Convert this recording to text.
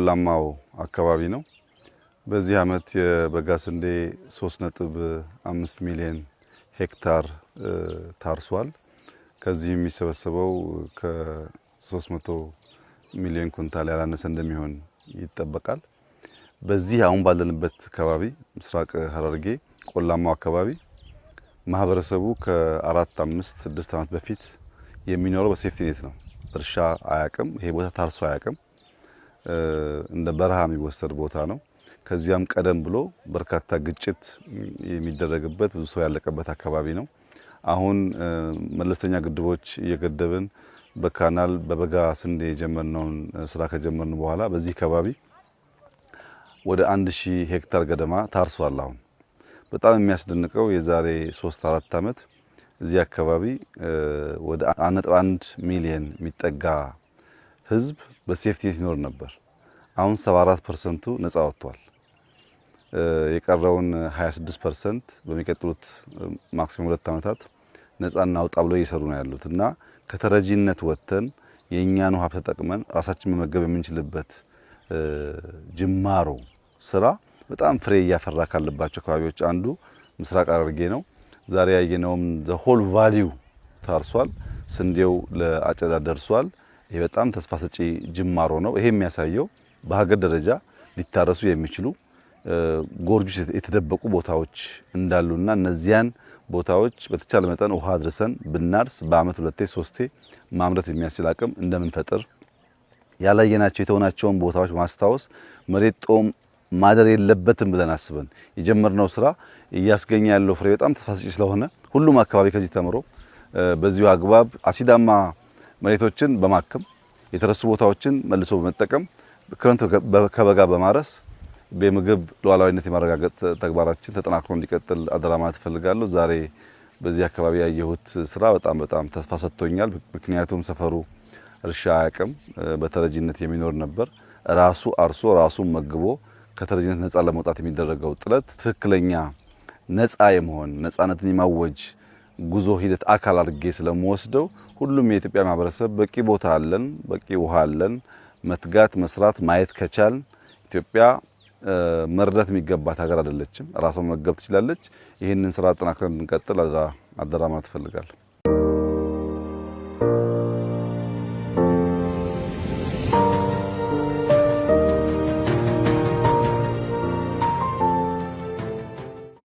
ቆላማው አካባቢ ነው። በዚህ ዓመት የበጋ ስንዴ 3.5 ሚሊዮን ሄክታር ታርሷል። ከዚህ የሚሰበሰበው ከ300 ሚሊዮን ኩንታል ያላነሰ እንደሚሆን ይጠበቃል። በዚህ አሁን ባለንበት አካባቢ ምስራቅ ሐረርጌ ቆላማው አካባቢ ማህበረሰቡ ከአራት አምስት ስድስት ዓመት በፊት የሚኖረው በሴፍቲኔት ነው። እርሻ አያቅም። ይሄ ቦታ ታርሶ አያቅም። እንደ በረሃ የሚወሰድ ቦታ ነው። ከዚያም ቀደም ብሎ በርካታ ግጭት የሚደረግበት ብዙ ሰው ያለቀበት አካባቢ ነው። አሁን መለስተኛ ግድቦች እየገደብን በካናል በበጋ ስንዴ የጀመርነውን ስራ ከጀመርን በኋላ በዚህ አካባቢ ወደ አንድ ሺህ ሄክታር ገደማ ታርሷል። አሁን በጣም የሚያስደንቀው የዛሬ ሶስት አራት ዓመት እዚህ አካባቢ ወደ አንድ ነጥብ አንድ ሚሊየን የሚጠጋ ህዝብ በሴፍቲኔት ይኖር ነበር። አሁን 74 ፐርሰንቱ ነጻ ወጥቷል። የቀረውን 26 ፐርሰንት በሚቀጥሉት ማክሲመም ሁለት ዓመታት ነጻ አውጣ ብሎ እየሰሩ ነው ያሉት እና ከተረጂነት ወጥተን የእኛን ውሃ ተጠቅመን ራሳችን መመገብ የምንችልበት ጅማሮ ስራ በጣም ፍሬ እያፈራ ካለባቸው አካባቢዎች አንዱ ምስራቅ ሐረርጌ ነው። ዛሬ ያየነውም ዘሆል ቫሊዩ ታርሷል። ስንዴው ለአጨዳ ደርሷል። ይህ በጣም ተስፋ ሰጪ ጅማሮ ነው። ይሄ የሚያሳየው በሀገር ደረጃ ሊታረሱ የሚችሉ ጎርጆች የተደበቁ ቦታዎች እንዳሉና እነዚያን ቦታዎች በተቻለ መጠን ውሃ አድርሰን ብናርስ በአመት ሁለቴ ሶስቴ ማምረት የሚያስችል አቅም እንደምንፈጥር ያላየናቸው የተሆናቸውን ቦታዎች ማስታወስ መሬት ጦም ማደር የለበትም ብለን አስበን የጀመርነው ስራ እያስገኘ ያለው ፍሬ በጣም ተስፋ ሰጪ ስለሆነ ሁሉም አካባቢ ከዚህ ተምሮ በዚሁ አግባብ አሲዳማ መሬቶችን በማከም የተረሱ ቦታዎችን መልሶ በመጠቀም ክረምት ከበጋ በማረስ የምግብ ሉዓላዊነት የማረጋገጥ ተግባራችን ተጠናክሮ እንዲቀጥል አደራ ማለት እፈልጋለሁ። ዛሬ በዚህ አካባቢ ያየሁት ስራ በጣም በጣም ተስፋ ሰጥቶኛል። ምክንያቱም ሰፈሩ እርሻ አያውቅም፣ በተረጂነት የሚኖር ነበር። ራሱ አርሶ ራሱን መግቦ ከተረጂነት ነፃ ለመውጣት የሚደረገው ጥረት ትክክለኛ ነፃ የመሆን ነጻነትን የማወጅ ጉዞ ሂደት አካል አድርጌ ስለምወስደው ሁሉም የኢትዮጵያ ማህበረሰብ በቂ ቦታ አለን፣ በቂ ውሃ አለን። መትጋት፣ መስራት፣ ማየት ከቻል ኢትዮጵያ መርዳት የሚገባት ሀገር አይደለችም። ራሷ መገብ ትችላለች። ይህንን ስራ አጠናክረን እንድንቀጥል አደራ ማለት እፈልጋለሁ።